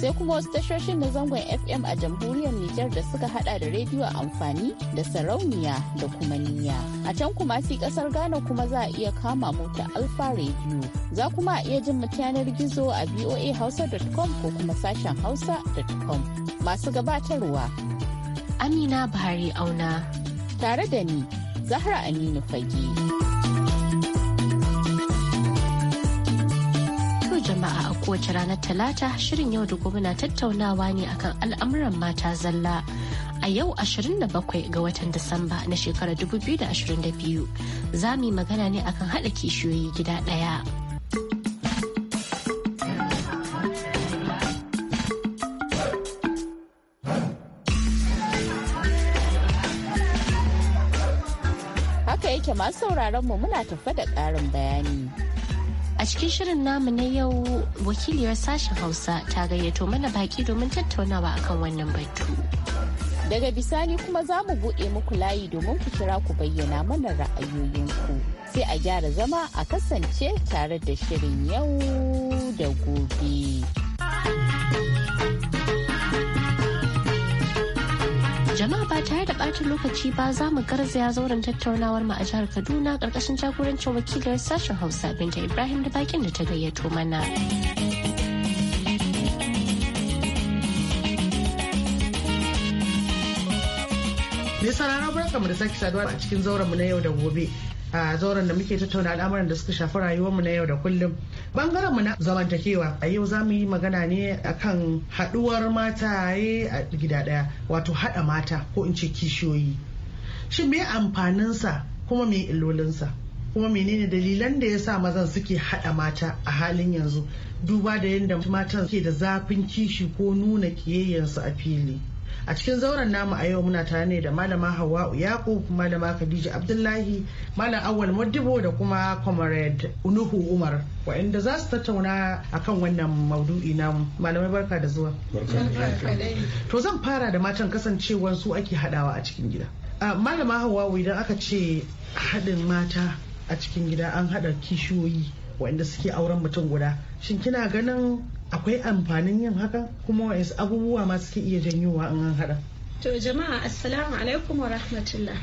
sai kuma wasu tashoshin na zangon fm a jamhuriyar nijar da suka hada da rediyo amfani da sarauniya da kuma niya a can kuma si kasar ghana kuma za a iya kama mota alfa rediyo. za kuma a iya jin yanar gizo a voahausa.com ko kuma sashen hausa.com masu gabatarwa amina buhari auna tare da ni zahra aminu fage. kowace ranar talata shirin yau da gobe na tattaunawa ne akan al'amuran mata zalla a yau 27 ga watan disamba na shekarar 2022 za mu yi magana ne akan haɗa kishiyoyi gida ɗaya. Haka yake masu sauraron mu muna tafa da ƙarin bayani. A cikin shirin namu na yau wakiliyar sashen Hausa ta gayyato mana baki domin tattaunawa akan wannan batu. Daga bisani kuma za mu buɗe muku layi domin ku kira ku bayyana mana ra'ayoyinku. Sai a gyara zama a kasance tare da shirin yau da gobe. Jama'a ba tare da ɓata lokaci ba za mu garzaya zauren tattaunawar mu a jihar Kaduna ƙarƙashin jagorancin wakilar sashen Hausa Binta Ibrahim da bakin da ta gayyato mana. Me sauraron barkamu da sake saduwa a cikin zauren mu na yau da gobe. a zauren da muke tattauna al'amuran da suka shafi rayuwarmu na yau da kullum bangaren mu na zamantakewa a yau za mu yi magana ne akan haduwar mataye a gida daya wato hada mata ko in ce kishiyoyi shin me amfaninsa kuma me illolinsa kuma menene dalilan da ya sa mazan suke hada mata a halin yanzu duba da yadda matan ke da zafin kishi ko nuna kiyayyansu a fili a cikin zauren namu a yau muna tare ne da malama hawa yakub malama khadija abdullahi malam awal modibo da kuma comrade unuhu umar wa'inda za su tattauna akan wannan maudu'i namu malamai barka da zuwa to zan fara da matan kasancewar su ake hadawa a cikin gida malama hawa idan aka ce haɗin mata a cikin gida an haɗa kishiyoyi wa'inda suke auren mutum guda shin kina ganin akwai amfanin yin haka kuma wasu abubuwa ma suke iya janyowa in an haɗa To jama'a assalamu alaikum wa rahmatullah.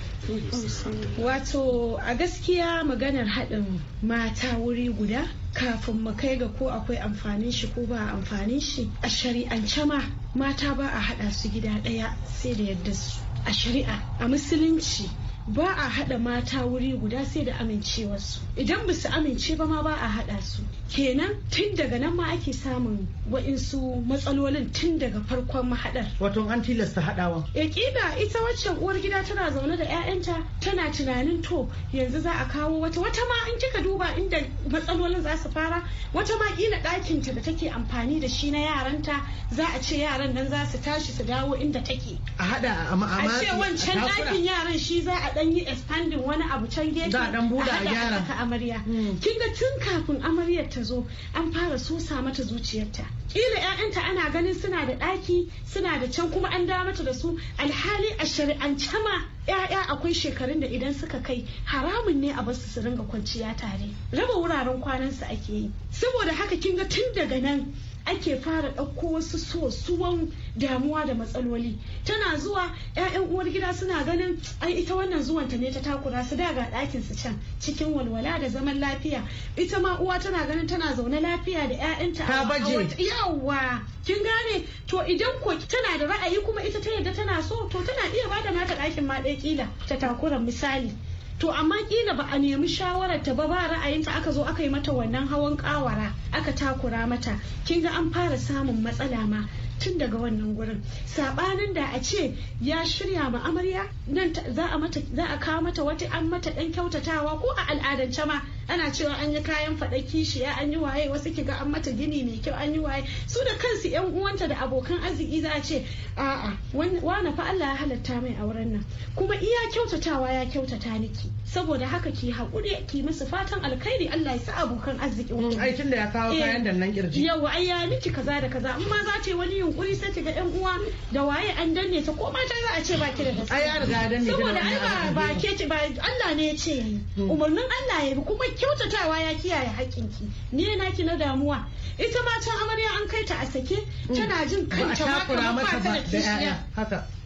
Wato a gaskiya maganar haɗin mata wuri guda kafin mu kai ga ko akwai amfanin shi ko ba amfanin shi a shari'ance ma mata ba a haɗa su gida ɗaya sai da yadda su. A shari'a a musulunci ba a haɗa mata wuri guda sai da amincewarsu idan ba su amince ba ma ba a haɗa su kenan tun daga nan ma ake samun wa'insu matsalolin tun daga farkon mahaɗar wato an tilasta haɗawa ya eh, ita waccan uwar gida tana zaune da 'ya'yanta tana tunanin to yanzu za a kawo wata wata ma in kika duba inda matsalolin za su fara wata ma kila ɗakinta da take amfani da shi na yaranta za a ce yaran nan za su tashi su dawo inda take a haɗa a ce wancan ɗakin yaran shi za a dan yi expanding wani abu can gefe da dan buda a gyara amarya hmm. kin ga tun kafin amaryar ta zo an fara susa mata zuciyarta kila ƴaƴanta ana ganin suna da ɗaki suna da can kuma an dawo mata da su alhali a shari'ance ma ƴaƴa akwai shekarun da idan suka kai haramun ne a basu su ringa kwanciya tare raba wuraren kwanansu ake yi saboda haka kin ga tun daga nan ake fara ɗauko wasu sosuwan damuwa da matsaloli tana zuwa ƴaƴan uwar gida suna ganin ai ita wannan zuwan ta ne ta takura su da ga ɗakin su can cikin walwala da zaman lafiya ita ma uwa tana ganin tana zaune lafiya da ƴaƴanta ta baje yawa kin gane to idan ko tana da ra'ayi kuma ita ta yadda tana so to tana iya bada mata ɗakin ma ɗaya kila ta takura misali to amma kila ba a nemi shawarar ta ba ba ra'ayinta aka zo aka yi mata wannan hawan kawara aka takura mata kin ga an fara samun matsala ma tun daga wannan gurin sabanin da a ce ya shirya ma amarya nan za a kawo mata wata an mata dan kyautatawa ko a al'adance ma ana cewa an yi kayan faɗa kishiya an yi waye wasu ki ga an mata gini mai kyau an yi waye su da kansu yan uwanta da abokan arziki za a ce a'a wani fa Allah ya halatta mai auren nan kuma iya kyautatawa ya kyautata niki saboda haka ki haƙuri ki musu fatan alkhairi Allah ya sa abokan arziki. ku mm, aikin da ya kawo eh, kayan da nan kirji yawa ai ya miki kaza da kaza amma za ta yi wani yunkuri sai ki ga yan uwa da waye an danne ta ko mata za a ce ba ki da gaskiya ai ya riga danne saboda ai ba ke ke ba Allah ne ya ce mm. umarnin Allah ya bi kuma kyautatawa ya kiyaye haƙƙinki ni na ki na damuwa ita ma can amarya an kai ta a sake mm. tana jin kanta ma kamar ba ta da kishiya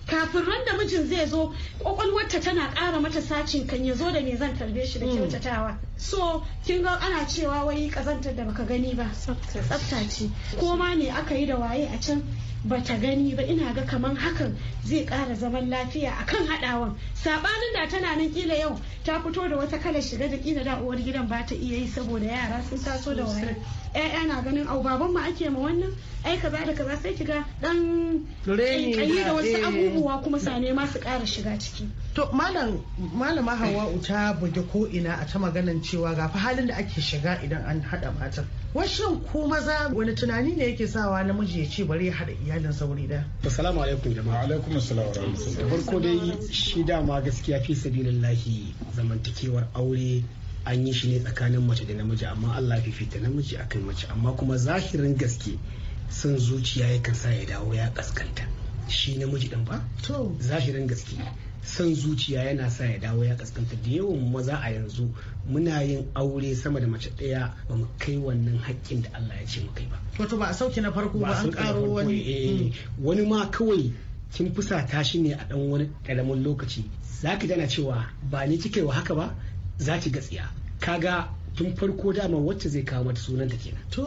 kafin ran da mijin zai zo kwakwalwarta tana ƙara mata sacin kan ya zo da me zan tarbe shi da mm. kyautatawa so kin ga ana cewa wai kazantar da baka gani ba tsafta ce ko ma ne aka yi da waye a can bata gani ba ina ga kaman hakan zai kara zaman lafiya a kan haɗawan saɓanin da tana nan kila yau ta fito da wata kalar shiga da kila da uwar gidan ba ta iya yi saboda yara sun taso da waye ƴaƴa na ganin au baban ma ake ma wannan ai kaza da kaza sai kiga dan kanyi da wasu eh. abubuwa kuma sane ma su ƙara shiga ciki to malam malama Hawwa'u ta buge ko ina a ta maganan cewa ga fa halin da ake shiga idan an haɗa matan washin ko maza wani tunani ne yake sawa namiji ya ce bari ya haɗa iyalin sauri da assalamu alaikum jama'a alaikum assalam wa farko dai shi dama gaskiya fi sabilillahi zamantakewar aure an yi shi ne tsakanin mace da namiji amma Allah fifita namiji akan mace amma kuma zahirin gaske son zuciya kan sa ya dawo ya kaskanta shi namiji din ba to zahirin gaske son zuciya yana sa ya dawo ya kaskanta da yawan maza a yanzu muna yin aure sama da mace ɗaya ba mu kai wannan haƙƙin da Allah ya ce mu kai ba wato ba a sauke na farko ba an karo wani eh. hmm. wani ma kawai kin fusata shi ne a dan wani karamin lokaci zaki dana cewa ba ni kike wa haka ba za ki ga tsiya kaga tun farko dama wacce zai kawo mata sunan ta kenan to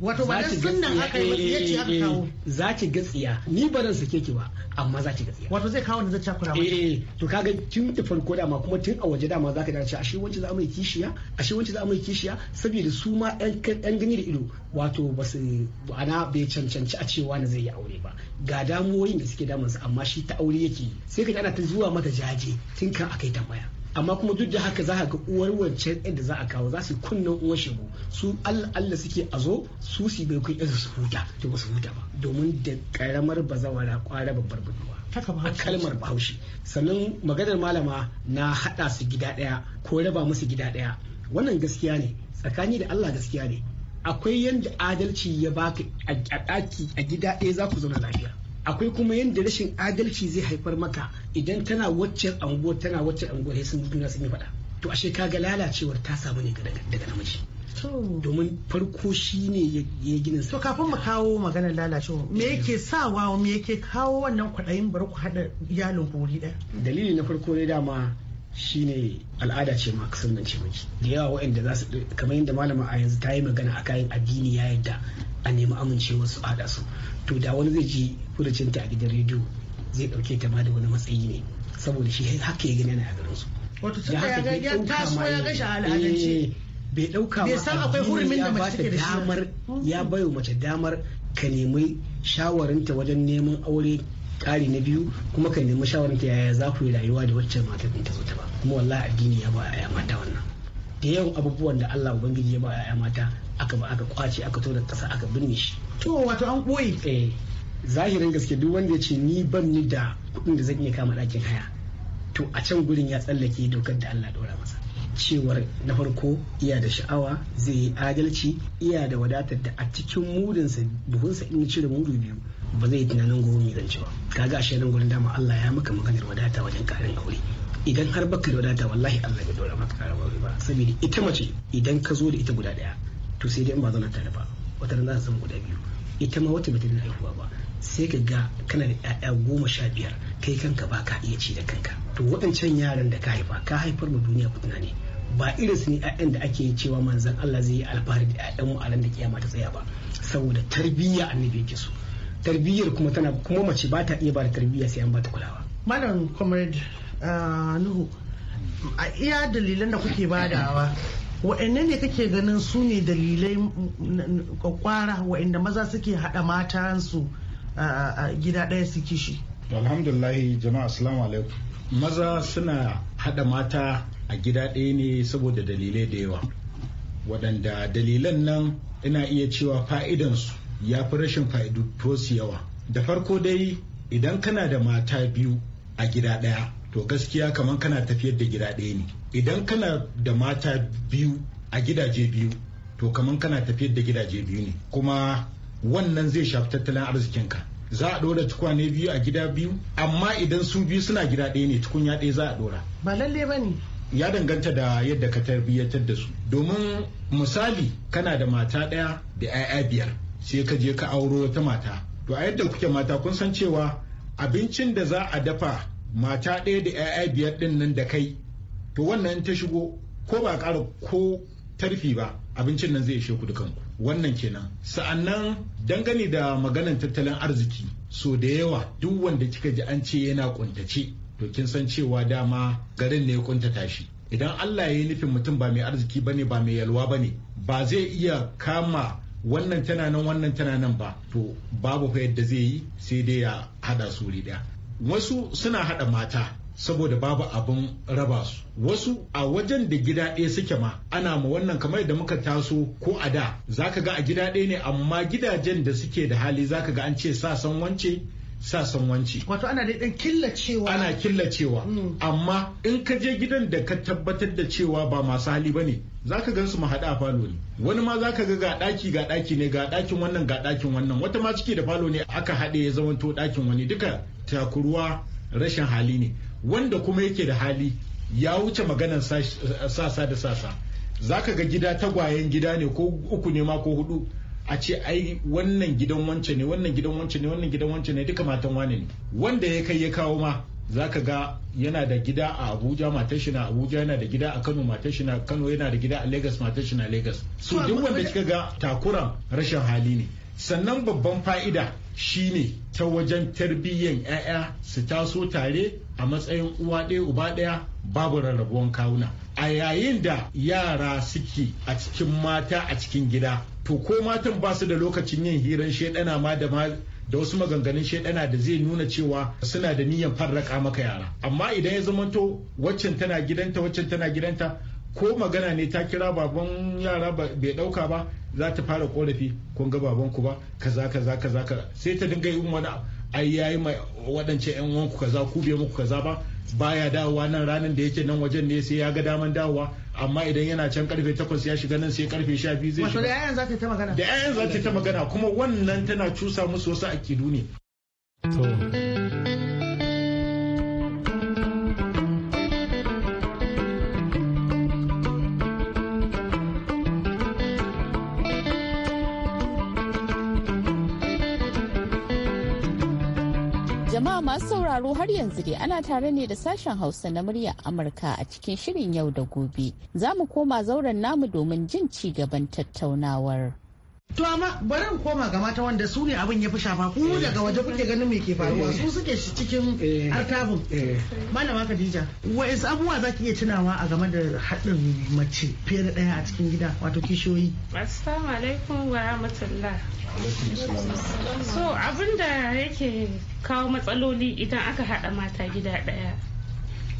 wato ba dan sunan aka yi yace aka eh, eh, kawo eh, za ki ga tsiya ni ba zan sake ki ba amma za ki ga tsiya. wato zai kawo ne zai cakura mata eh to kaga tun da farko dama kuma tun a waje dama zaka dace ashe wacce za mu yi kishiya ashe wacce za mu yi kishiya saboda su ma ɗan gani da ido wato ba su ana bai cancanci a cewa na zai yi aure ba ga damuwoyin da suke damunsa amma shi ta aure yake sai ka ana ta zuwa mata jaje tun kan akai tambaya amma kuma duk da haka za ga uwar wancan yadda da za a kawo za su kunna uwar shigo su allah suke a zo su su bai kun su huta da ba su huta ba domin da karamar bazawara kwara babbar buduwa a kalmar bahaushe sannan maganar malama na haɗa su gida ɗaya ko raba musu gida ɗaya wannan gaskiya ne tsakani da allah gaskiya ne akwai yadda adalci ya baka a ɗaki a gida ɗaya za ku zauna lafiya akwai kuma yadda rashin adalci zai haifar maka idan tana waccan anguwar tana waccan anguwar sai sun mutum sun yi faɗa to ashe kaga lalacewar ta samu ne daga namiji domin farko shi ne ya gina to kafin mu kawo maganar lalacewa me eh. yake sawa me yake kawo wannan kwaɗayin bar ku haɗa iyalin guri ɗaya dalili na farko ne dama shine al'ada ce ma kasar nan ce miki da yawa wa'inda za su kamar yadda malama a yanzu ta yi magana a kayan addini ya yadda a nemi amincewa su hada su to da wani zai ji furucinta a gidan rediyo zai dauke ta ma da wani matsayi ne saboda shi haka ya gani yana a garin su wato ya ga ya ya ga shi eh, bai ɗauka ma san akwai hurumin mace damar ya bayo mace damar ka nemi shawarinta wajen neman aure ƙari na biyu kuma ka nemi shawarinta yaya za ku yi rayuwa da wacce mata ta zo ta ba kuma wallahi addini ya ba a mata wannan da yawan abubuwan da Allah ubangiji ya ba ya'ya mata aka ba aka kwace aka tona kasa aka binne shi to wato an koyi. eh zahirin gaske duk wanda ya ce ni ban ni da kuɗin da zan iya kama ɗakin haya to a can gurin ya tsallake dokar da Allah ɗora masa cewar na farko iya da sha'awa zai yi adalci iya da wadatar da a cikin mudinsa buhunsa in cire mudu biyu ba zai yi tunanin gobe mai zancewa kaga a shaidan gurin dama Allah ya maka maganar wadata wajen karin aure idan har baka da wadata wallahi Allah bai dora maka kara ba saboda ita mace idan ka zo da ita guda daya to sai dai in ba zauna tare ba wata za ta zama guda biyu ita ma wata bata da haihuwa ba sai ka ga kana da 'ya'ya goma sha biyar kai kanka ba ka iya ci da kanka to waɗancan yaran da ka haifa ka haifar ma duniya ku ne ba irin su ne 'ya'yan da ake cewa manzan Allah zai yi alfahari da 'ya'yan mu da kiyama ta tsaya ba saboda tarbiyya annabi yake so tarbiyyar kuma tana kuma mace ba ta iya ba da tarbiyya sai an ba ta kulawa malam comrade nuhu a iya dalilan da kuke badawa wa'anne ne kake ganin su ne dalilai kwakwara wa'anda maza suke haɗa matansu a gida daya su kishi alhamdulillahi jama'a assalamu alaikum maza suna haɗa mata a gida ɗaya ne saboda dalilai da yawa waɗanda dalilan nan ina iya cewa fa'idansu ya fi rashin fa'idu yawa da farko dai idan kana da mata biyu a gida ɗaya to gaskiya kamar kana tafiyar da gida ɗaya ne idan kana da mata biyu a gidaje biyu to kamar kana tafiyar da gidaje biyu ne kuma wannan zai shafi tattalin arzikinka za a ɗora tukwane biyu a gida biyu amma idan su biyu suna gida ɗaya ne tukunya ɗaya za a ɗora ba lalle ba ne ya danganta da yadda ka tarbiyyatar da su domin misali kana da mata ɗaya da 'ya'ya biyar sai ka je ka auro ta mata to a yadda kuke mata kun san cewa abincin da za a dafa mata ɗaya da 'ya'ya biyar ɗin nan da kai to wannan ta shigo ko ba ƙara ko tarfi ba abincin nan zai ishe ku dukanku wannan kenan sa'annan dangane da maganan tattalin arziki so da yawa duk wanda kika ji an ce yana kuntace to kin san cewa dama garin ne ya kuntata shi idan Allah ya yi nufin mutum ba mai arziki bane ba mai yalwa bane ba zai iya kama wannan tana nan wannan tana nan ba to babu fa yadda zai yi sai dai ya hada su wuri wasu suna haɗa mata saboda babu abin raba su wasu a wajen da gida ɗaya suke ma ana ma wannan kamar da muka taso ko a da zaka ga a gida ɗaya ne amma gidajen da suke da hali zaka ga an ce sa san wance sa wanci wato ana da dan killacewa ana killacewa mm. amma in ka je gidan da ka tabbatar da cewa ba masu hali ba bane ka gan su mahaɗa a falo ne wani ma zaka ga ga ɗaki ga ɗaki ne ga ɗakin wannan ga ɗakin wannan wata ma ciki da falo ne aka haɗe ya zamanto ɗakin wani duka takuruwa rashin hali ne wanda kuma yake da hali ya wuce maganan sasa da sasa zaka ga gida tagwayen gida ne ko uku ne ma ko hudu a ce ai wannan gidan wance ne wannan gidan wance ne wannan gidan wance ne duka matan wane ne wanda ya kai ya kawo ma zaka ga yana da gida a Abuja matar shi na Abuja yana da gida a Kano matar shi na Kano yana da gida a Lagos matar shi na Lagos so duk wanda kika ga takuran rashin hali ne sannan babban fa'ida shine ta wajen tarbiyyan 'ya'ya su taso tare a matsayin uwa ɗaya uba ɗaya babu rarrabuwan kawuna a yayin da yara suke a cikin mata a cikin gida to ko matan ba su da lokacin yin hiran shedana ma da wasu maganganun shedana da zai nuna cewa suna da niyyar farraka maka yara amma idan ya zamanto waccan tana gidanta waccan tana gidanta ko magana ne ta kira baban yara bai dauka ba za ta fara korafi kun ga baban ku ba kaza kaza kaza sai ta dinga yin wani ai yayi mai waɗancan yan uwanku kaza ku biye muku kaza ba baya dawowa nan ranar da yake nan wajen ne sai ya ga daman dawowa amma idan yana can karfe 8 ya shiga nan sai karfe 12 zai shiga da yayan za ta magana da yayan za ta magana kuma wannan tana cusa musu wasu akidu ne to Jama'a masu sauraro har yanzu dai ana tare ne da sashen Hausa na murya Amurka a cikin shirin yau da gobe. Za mu koma zauren namu domin jin ci gaban tattaunawar. To amma bari in koma ga mata wanda su ne abin ya fi shafa ku eh. daga waje kuke ganin me ke faruwa eh. su suke shi cikin eh. artabin. Malama Khadija, wa is abubuwa za ki iya tunawa a game da haɗin mace fiye da ɗaya a cikin gida wato kishiyoyi. Assalamu alaikum wa rahmatullah. So abin da yake kawo matsaloli idan aka haɗa mata gida ɗaya.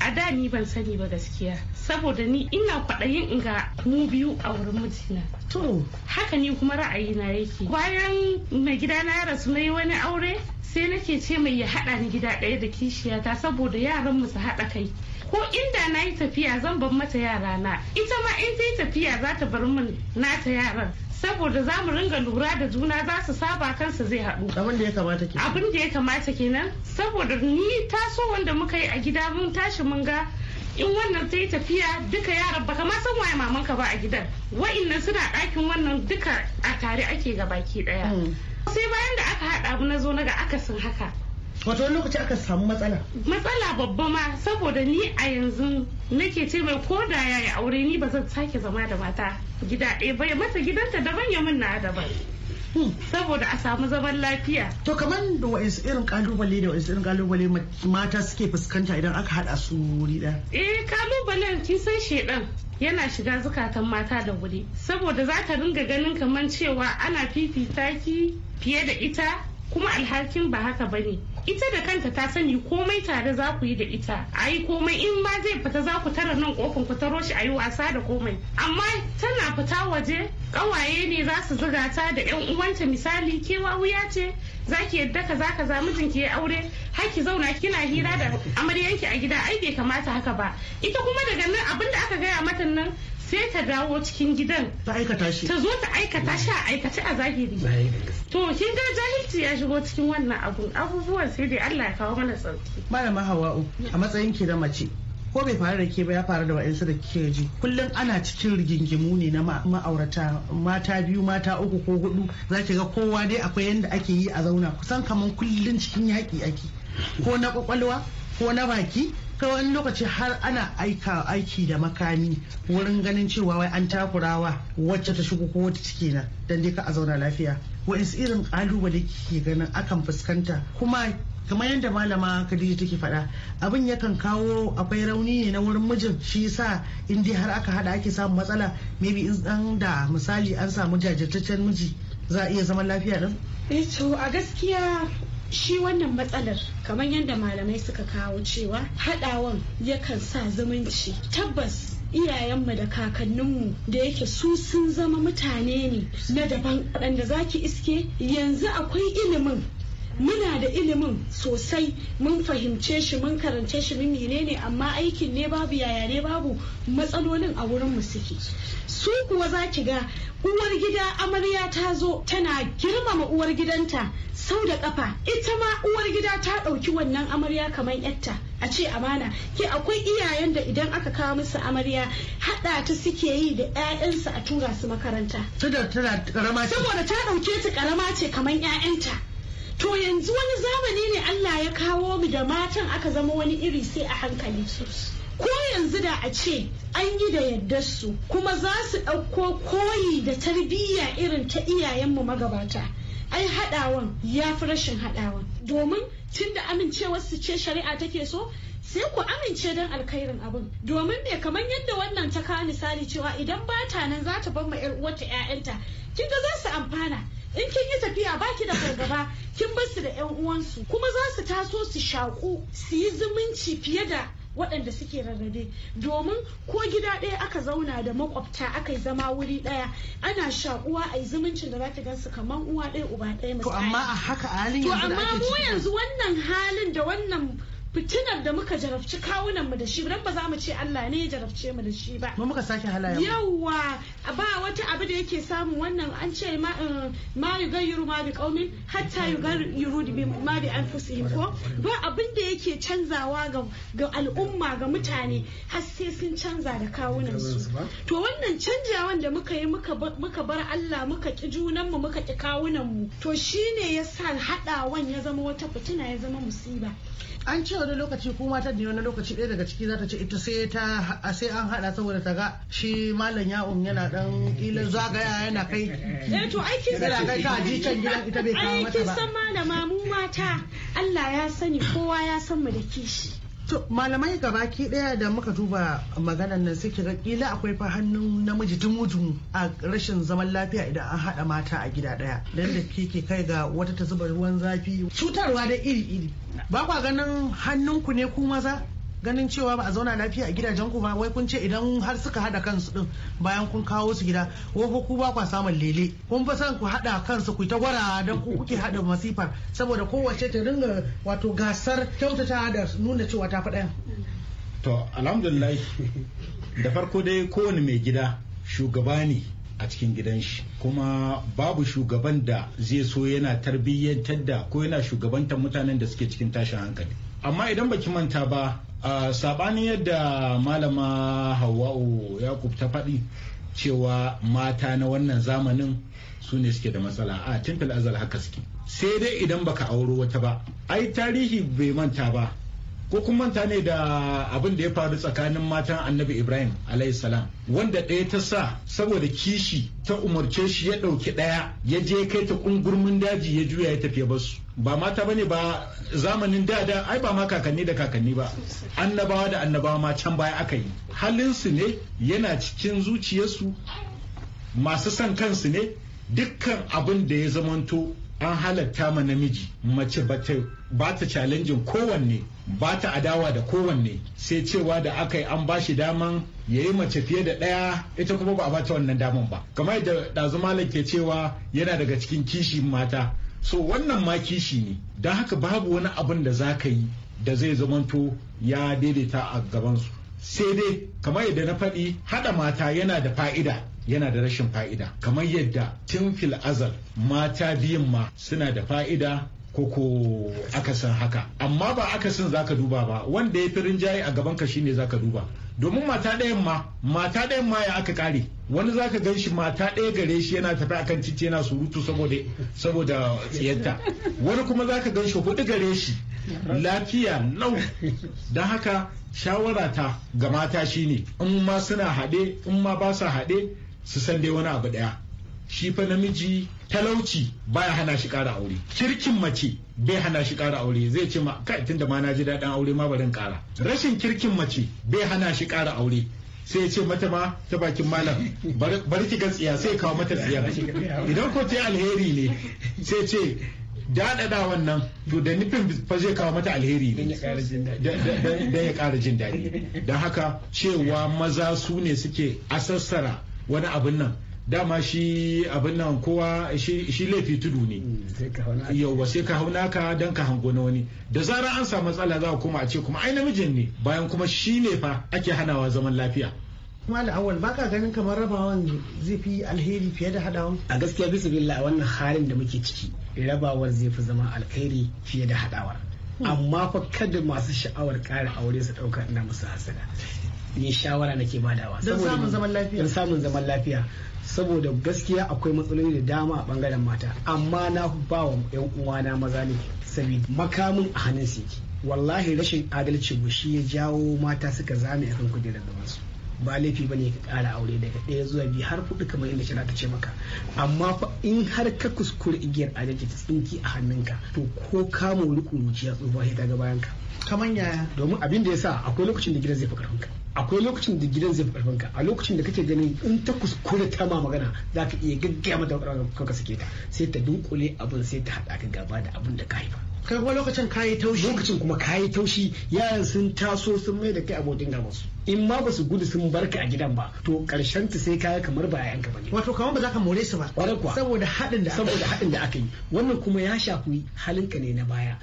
a da ni ban sani ba gaskiya saboda ni ina kwaɗayin in ga mu biyu a wurin mijina to haka ni kuma ra'ayina yake bayan mai gida na ya rasu na yi wani aure sai nake ce mai ya haɗa ni gida ɗaya da kishiyata saboda yaran mu su haɗa kai ko inda na yi tafiya zan bar mata yara na ita ma in ta yi tafiya za ta bar min nata yaran saboda za mu ringa lura da juna za su saba kansa zai haɗu abin da ya kamata kenan abin da ya kamata kenan saboda ni taso wanda muka yi a gida mun tashi mun ga in wannan ta yi tafiya duka yaran baka ma san waye mamanka ba a gidan wa'innan suna ɗakin wannan duka a tare ake gabaki ɗaya mm. sai bayan da aka haɗa abu na zo na ga akasin haka wato wani lokaci aka samu matsala matsala babba ma saboda ni a yanzu nake ce mai ko da yayi aure ni ba zan sake zama da mata gida ɗaya ba ya mata gidanta daban ya min na daban hmm. saboda a samu zaman lafiya to kamar da wa'insu irin kalubale da wa'insu irin kalubale mata suke fuskanta idan aka hada su wuri ɗaya eh kalubale kin san shedan yana shiga zukatan mata da wuri saboda za ka ringa ganin kamar cewa ana fifita ki fiye da ita kuma alhakin ba haka ba ne ita da kanta ta sani komai tare za ku yi da ita a yi komai in ba zai fita za ku tara nan kofin ku taro shi a yi wasa da komai amma tana fita waje kawaye ne za su zuga ta da yan uwanta misali kewa wuya ce za ki yadda ka za ka za mijin ki ya aure har ki zauna kina hira da amaryanki a gida ai bai kamata haka ba ita kuma daga nan abin da aka gaya mata nan sai ta dawo cikin gidan ta aikata ta zo ta aikata shi a aikace a zahiri to kin ga jahilci ya shigo cikin wannan abu abubuwan sai dai Allah ya kawo mana sauki malama hawa'u a matsayin ki da mace ko bai faru da ke ba ya faru da wa'ansu da ke ji kullum ana cikin rigingimu ne na ma'aurata mata biyu mata uku ko hudu za ki ga kowa dai akwai yadda ake yi a zauna kusan kaman kullum cikin yaƙi ake ko na kwakwalwa ko na baki kai wani lokaci har ana aika aiki da makami wurin ganin cewa wai an takurawa wacce ta shigo ko wata ciki na dan dai ka a zauna lafiya wa'insu irin kalubale ke ganin akan fuskanta kuma kamar yadda malama Khadija take faɗa abin yakan kawo akwai rauni ne na wurin mijin shi yasa in dai har aka haɗa ake samun matsala maybe in dan da misali an samu jajirtaccen miji za a iya zaman lafiya din eh to a gaskiya shi wannan matsalar kamar yadda malamai suka kawo cewa haɗawan yakan sa zumunci tabbas iyayenmu da kakanninmu da yake su sun zama mutane ne na daban waɗanda zaki iske yanzu akwai ilimin muna da ilimin sosai mun fahimce shi mun karance shi mun ne amma aikin ne babu yaya ne babu matsalolin a wurin mu suke su kuwa za ki ga uwar gida amarya ta zo tana girmama uwar gidanta sau da kafa ita ma uwar gida ta ɗauki wannan amarya kamar yatta a ce amana ke akwai iyayen da idan aka kawo musu amarya hada ta suke yi da 'ya'yansu a tura su makaranta saboda ta ɗauke ta karama ce kamar 'ya'yanta to yanzu wani zamani ne Allah ya kawo mu da matan aka zama wani iri sai a hankali su ko yanzu da a ce an yi da yadda su kuma za su ɗauko koyi da tarbiyya irin ta iyayenmu magabata ai haɗawan ya fi rashin haɗawan domin tunda amincewar su ce shari'a take so sai ku amince don alkhairin abin domin me kamar yadda wannan ta kawo misali cewa idan ba ta nan za ta bar ma 'yar uwarta 'ya'yanta kinga za su amfana in kin yi tafiya baki da fargaba kin bar su da yan uwansu kuma za su taso su shaku su yi zumunci fiye da waɗanda suke rarrabe domin ko gida ɗaya aka zauna da makwabta aka yi zama wuri ɗaya ana shaƙuwa a yi zumuncin da za ta gansu kamar uwa ɗaya uba ɗaya misali. To amma a haka halin yanzu da ake To amma mu yanzu wannan halin da wannan fitinar da muka jarabci kawunan mu da shi dan ba za mu ce Allah ne ya jarabce mu da shi ba mu muka sake halaya yawa ba wata abu da yake samu wannan an ce ma eh, ma yugayru ma bi qaumin hatta yugayru bi ma bi anfusihim ko ba abin da yake canzawa ga ga al'umma ga mutane har sai sun canza da kawunan su to wannan canjawan da muka yi muka muka bar Allah muka ki junan mu muka ki kawunan mu to shine yasa hadawan ya zama wata fitina ya zama musiba an ce wani lokaci ko mata da wani lokaci ɗaya daga ciki zata ce ita sai ta sai an haɗa saboda ta ga shi malam ya'un yana dan kila zagaya yana kai eh to aikin da kai ta ji can gidan ita bai kawo mata ba aikin san malama mu mata Allah ya sani kowa ya san mu da kishi To malamai gabaki daya da muka duba maganar nan suke ga kila akwai fa hannun namiji dumu-dumu a rashin zaman lafiya idan an haɗa mata a gida daya. Dan da ke kai ga wata ta zuba ruwan zafi cutarwa da iri-iri. Ba kwa ganin hannunku ne ku maza ganin cewa ba a zauna lafiya a gidajen ku ba wai kun ce idan har suka hada kansu din bayan kun kawo su gida ko ko ku ba kwa samun lele kun fa san ku hada kansu ku ta gwara dan ku kuke hada masifar saboda kowace ta ringa wato gasar kyautata da nuna cewa ta faɗa to alhamdulillah da farko dai kowane mai gida shugaba ne a cikin gidan shi kuma babu shugaban da zai so yana tarbiyyantar da ko yana shugabantar mutanen da suke cikin tashin hankali amma idan baki manta ba a sabanin yadda malama hawa'u ya ta faɗi cewa mata na wannan zamanin su ne suke da matsala a tun azal haka suke sai dai idan baka auro wata ba ai tarihi bai manta ba ko kun manta ne da abin da ya faru tsakanin matan annabi ibrahim salam wanda ɗaya ta sa saboda kishi ta umarce shi ya ɗauki ɗaya ya je kai ta ƙungurmin daji ya juya ya tafi basu ba mata bane ba zamanin da da ai ba ma kakanni da kakanni ba annabawa da annabawa ma can baya aka yi halinsu ne yana cikin zuciyarsu masu son kansu ne dukkan abin da ya zamanto an halatta ma namiji mace ba ta challenging kowanne ba ta adawa da kowanne sai cewa da aka yi an bashi daman ya yi mace fiye da ɗaya ita kuma ba a bata wannan daman ba kamar da ɗazu malam ke cewa yana daga cikin kishi mata so wannan ma kishi ne don haka babu wani abin da za ka yi da zai zamanto ya daidaita a gabansu sai dai kamar yadda na faɗi haɗa mata yana da fa'ida yana da rashin fa'ida kamar yadda tun fil azal mata biyun ma suna da fa'ida ko ko akasin haka amma ba akasin zaka duba ba wanda ya fi rinjaye a gaban ka shine zaka duba domin mata ɗayan ma mata ɗayan ma ya aka kare wani zaka gan shi mata ɗaya gare shi yana tafi akan titi yana surutu saboda saboda tsiyarta wani kuma zaka gan shi hudu gare shi lafiya nau. don haka shawara ta ga mata shine in ma suna haɗe in ma ba sa haɗe su san dai wani abu daya shi fa namiji talauci baya hana shi ƙara aure kirkin mace bai hana shi ƙara aure zai ce ma kai tunda ma na ji daɗin aure ma barin kara rashin kirkin mace bai hana shi ƙara aure sai ya ce mata ma ta bakin malam bari ki tsiya sai kawo mata tsiya idan ko ta alheri ne sai ce daɗaɗa wannan to da nufin fa zai kawo mata alheri ne don ya ƙara jin daɗi don haka cewa maza su ne suke asassara wani abin nan dama shi abin nan kowa shi laifi tudu ne yau hmm, sai ka hauna ka don ka hango na wani da zara an samu matsala za a koma a ce kuma ai namijin ne bayan kuma shi ne fa ake hanawa zaman lafiya kuma da awal ba ka ganin kamar rabawan zai fi alheri fiye da hadawan a gaskiya bisa billah a wannan halin da muke ciki rabawar zai fi zama alheri fiye da hadawar hmm. amma fa kada masu sha'awar kare aure su ɗauka ina musu hasada ni shawara nake badawa don samun zaman lafiya samun zaman lafiya saboda gaskiya akwai matsaloli da dama a bangaren mata amma na ba wa yan uwana maza ne saboda makamin a hannun su wallahi rashin adalci shi ya jawo mata suka zame akan kudin da su ba laifi bane ka ƙara aure daga ɗaya zuwa biyu har kuɗi kamar inda shari'a ta ce maka amma fa in har ka kuskure igiyar adalci ta tsinki a hannunka to ko ka mori kuruciya tsufa sai ta ga bayan ka kamar yaya domin abin da ya sa akwai lokacin da gidan zai fi karfinka akwai lokacin da gidan zai fi karfinka a lokacin da kake ganin in ta kuskure ta ma magana za ka iya gaggaya mata kan ka sake ta sai ta dunkule abin sai ta haɗa ka gaba da abin da ka haifa kai kuma lokacin kayi taushi lokacin kuma kayi taushi yaran sun taso sun mai da kai abokin gaban in ma ba su gudu sun barka a gidan ba to karshen ta sai kaya kamar ba yanka ne wato kamar ba za ka more su ba saboda haɗin da saboda haɗin da aka yi wannan kuma ya shafi halinka ne na baya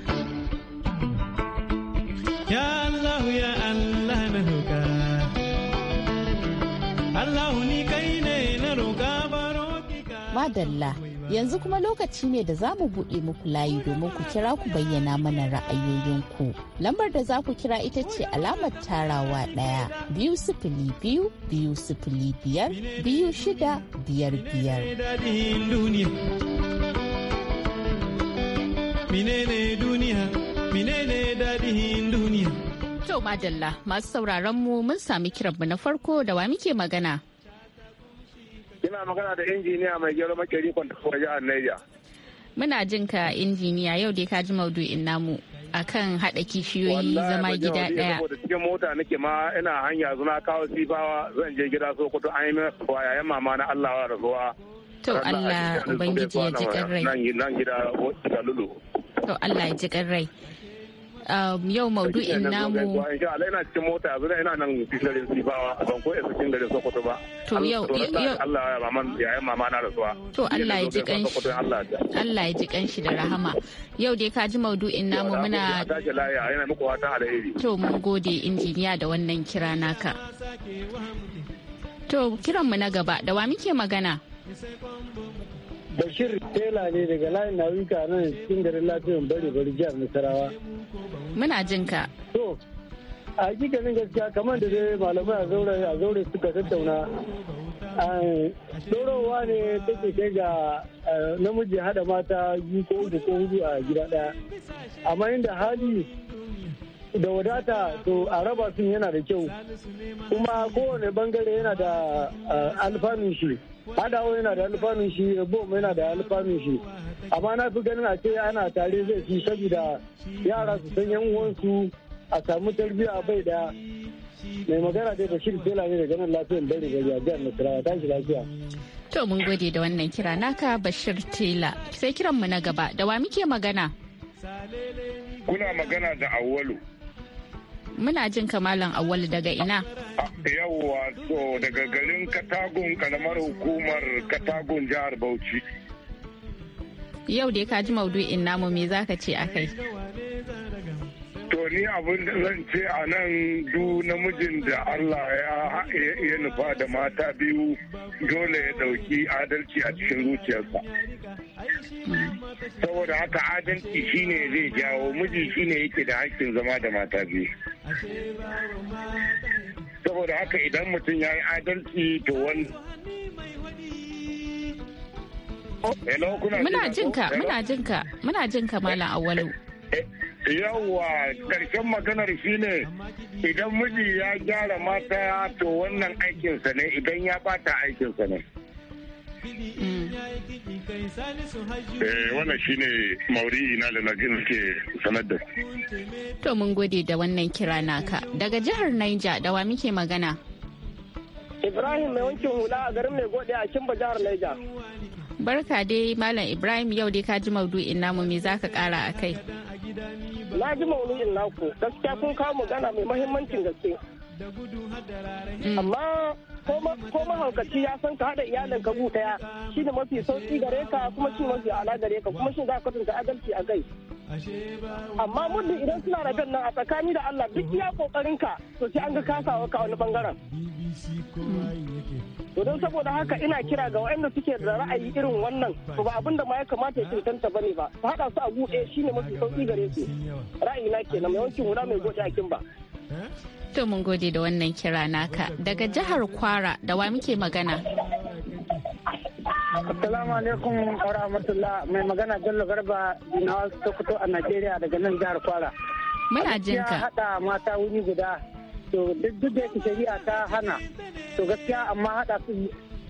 ya Allah ya Allah na roƙa Allah ni kai ne na roƙa baro madalla Yanzu kuma lokaci ne da za mu buɗe muku layi domin ku kira ku bayyana mana ra'ayoyinku. Lambar da za ku kira ita ce alamar tarawa ɗaya biyu sifili biyu biyu sifili biyar biyu shida biyar biyar. To madalla masu sauraron mu mun sami kiranmu na farko da wa muke magana. Ina magana da injiniya mai gero makeri kwanta jihar Niger. Muna jin ka injiniya yau dai ka ji maudu'in namu akan haɗa kishiyoyi zama gida ɗaya. Wanda Wallahi cikin mota nake ma ina hanya zuna kawo sifawa zan je gida so Sokoto an yi min yamma ma na Allah wa rasuwa. To Allah Ubangiji ya ji ƙarrai. Nan gida wa ƙalulu. To Allah ya ji ƙarrai. Um, yau maudu'in namu ina cikin mota yanzu ina nan sifawa ban cikin garin sokoto ba to yau Allah ya maman mama na rasuwa to Allah ya ji kanshi Allah ya ji kanshi da rahama yau dai ka ji maudu'in namu muna to mun gode injiniya da wannan kira naka to kiranmu na gaba da wa muke magana bashir tela ne daga layin nauyuka nan cikin garin lafiyan bari bari jihar nasarawa muna jin ka to a hakikanin gaskiya kamar da dai malamai a zaure a zaure suka tattauna dorowa ne take kai ga namiji hada mata biyu ko uku ko hudu a gida daya amma inda hali da wadata to a raba sun yana da kyau kuma kowane bangare yana da alfanun shi adawa yana da alfanun shi bom yana da alfanun shi amma na fi ganin a ce ana tare zai fi saboda yara su san yan uwansu a samu tarbiyya bai da mai magana dai bashir tela ne daga nan lafiyan dare gari a jihar nasarawa tashi lafiya to mun gode da wannan kira naka bashir tela sai kiran mu na gaba da wa muke magana kuna magana da awwalu muna jin kamalan Auwalu daga ina yawwa to daga garin katagun kalamar hukumar katagun jihar bauchi yau dai ka ji maudu'in namu me zaka ce a kai? To ni abin da zan ce a nan du namijin da Allah ya nufa da mata biyu dole ya dauki adalci a cikin zuciyarsa. Saboda haka adalci shine zai jawo miji shine yake da hakkin zama da mata biyu. Saboda haka idan mutum ya yi adalci to wani Muna jinka, muna jinka, muna jinka Malam Awalu. yawwa karshen maganar shine idan miji ya gyara mata to wannan aikinsa ne idan ya bata aikinsa ne eh, wannan shine mauri na da gina ke sanar da to mun gode da wannan kira naka daga jihar Niger da wa muke magana Ibrahim mai wankin hula a garin mai gode a Kimba jihar Niger barka dai malam ibrahim yau dai ka ji maudu'in namu me zaka kara a kai na ji maudu'in naku gaskiya kun kawo magana mai mahimmancin gaske hmm. amma ko mahaukaci ya san ka haɗa iyalin ka daya shi da mafi sauki gare ka kuma shi mafi ala gare ka kuma shi za ka tunta adalci a kai amma muddin idan suna da nan a tsakani da Allah duk iya kokarin ka to an ga kasawa ka wani bangaren hmm. to don saboda haka ina kira ga waɗanda suke da ra'ayi irin wannan to ba abin da ma ya kamata ya cancanta bane ba su haɗa su a buɗe shine mafi sauki gare su ra'ayina kenan mai wankin guda mai gode a kin ba To mun gode da wannan kira naka daga jihar Kwara da wa muke magana. Assalamu alaikum wa rahmatullah mai magana jallo Garba na Sokoto a Najeriya daga nan jihar Kwara. Muna jinka. Ya haɗa mata wuni guda to duk da yake shari'a ta hana to gaskiya amma hada su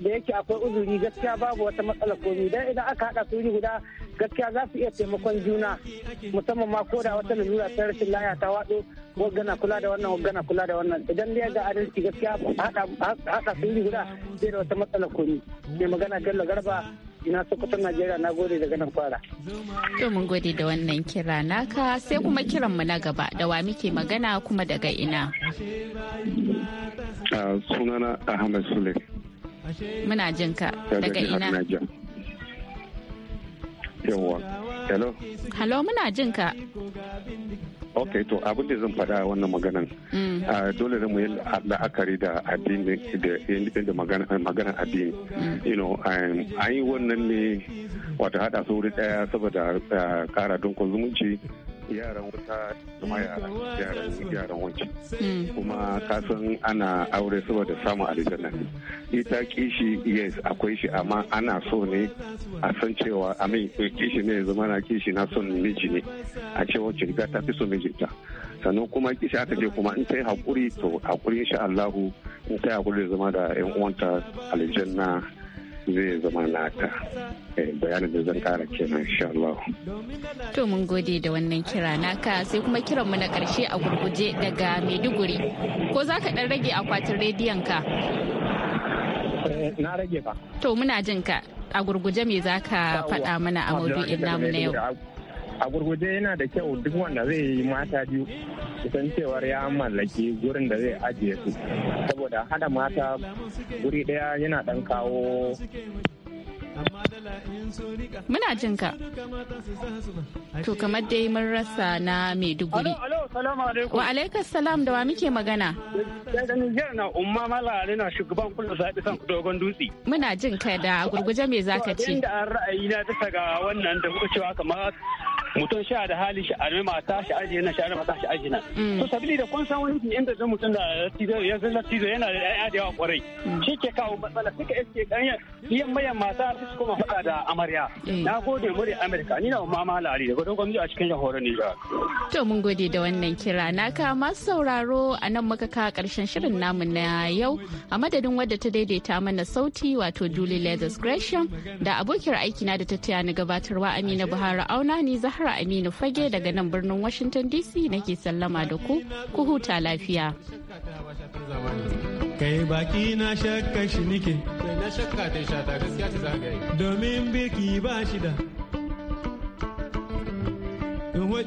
da yake akwai uzuri gaskiya babu wata matsala komi dan idan aka hada su wuri guda gaskiya za su iya taimakon juna musamman ma koda wata lalura ta rashin laya ta wado wagana kula da wannan wagana kula da wannan idan dai ga adalci gaskiya haɗa su wuri guda zai da wata matsala komi mai magana galla Garba ina kusan najeriya na gode daga nan fara to mun gode da wannan kira naka sai kuma kiran mu na gaba da wa muke magana kuma daga ina ah, sunana ahmed sule muna jin ka daga ina yawwa hello hello muna jin ka ok to abin da zan faɗa wannan maganan mm. dole da mu yi la'akari da addini da maganan addini mm. you know an yi wannan ne wata haɗa wuri daya saboda kara dunkon zumunci yaran wuta kuma yaran wanki kuma kasan ana aure saboda samun aljanna ne ita kishi yes akwai shi amma ana so ne a san cewa amin kishi ne zama na kishi na son miji ne a cewa wacce riga ta fi so mijinta sannan kuma kishi aka je kuma in ta yi haƙuri to haƙuri insha Allahu in ta yi haƙuri zama da 'yan uwanta aljanna zai zama naka eh, bayanin da zan kara kenan insha Allah. To mun gode da wannan kira naka sai kuma kiran mu na karshe a gurguje daga Maiduguri. Ko za ka dan rage akwatin rediyon ka? Eh, na rage ba. To muna jin ka a gurguje me za ka faɗa mana a maudu'in namu na yau. a gurguje yana da kyau duk wanda zai yi mata biyu kusan cewar ya mallaki gurin da zai ajiye su saboda hada mata guri daya yana dan kawo Muna jin ka. To kamar dai mun rasa na Maiduguri. Wa alaikas salam da wa muke magana. Nijar na umma na shugaban kula zaɓi dogon dutse. Muna jin ka da gurguje mai zaka ce. Inda an ra'ayi na ga wannan da kuka cewa kamar mutum sha da hali shi arme mata shi aji yana shi arme mata shi aji nan mm. to sabili da kun san wani inda zan mutum da ya tizo yana da ƴaƴa da yawa kwarai mm. shi ke kawo matsala suka iske ganyen yan mayan mata su koma faɗa da amarya mm. na gode muri da amerika ni na mama lari da gudun gwamnati a cikin jahoron nijar to mun gode da wannan kira na ka masu sauraro a nan muka ka karshen shirin namu na yau a madadin wadda ta daidaita mana sauti wato julie leathers gresham da abokiyar aikina da ta taya ni gabatarwa amina buhari auna ni zahar Zahra Aminu Fage daga nan birnin Washington DC nake sallama da ku, ku huta lafiya. Kai baki na shakka shi nike, na shakka ta ta gaskiya ta zagaye. Domin birki ba shi da.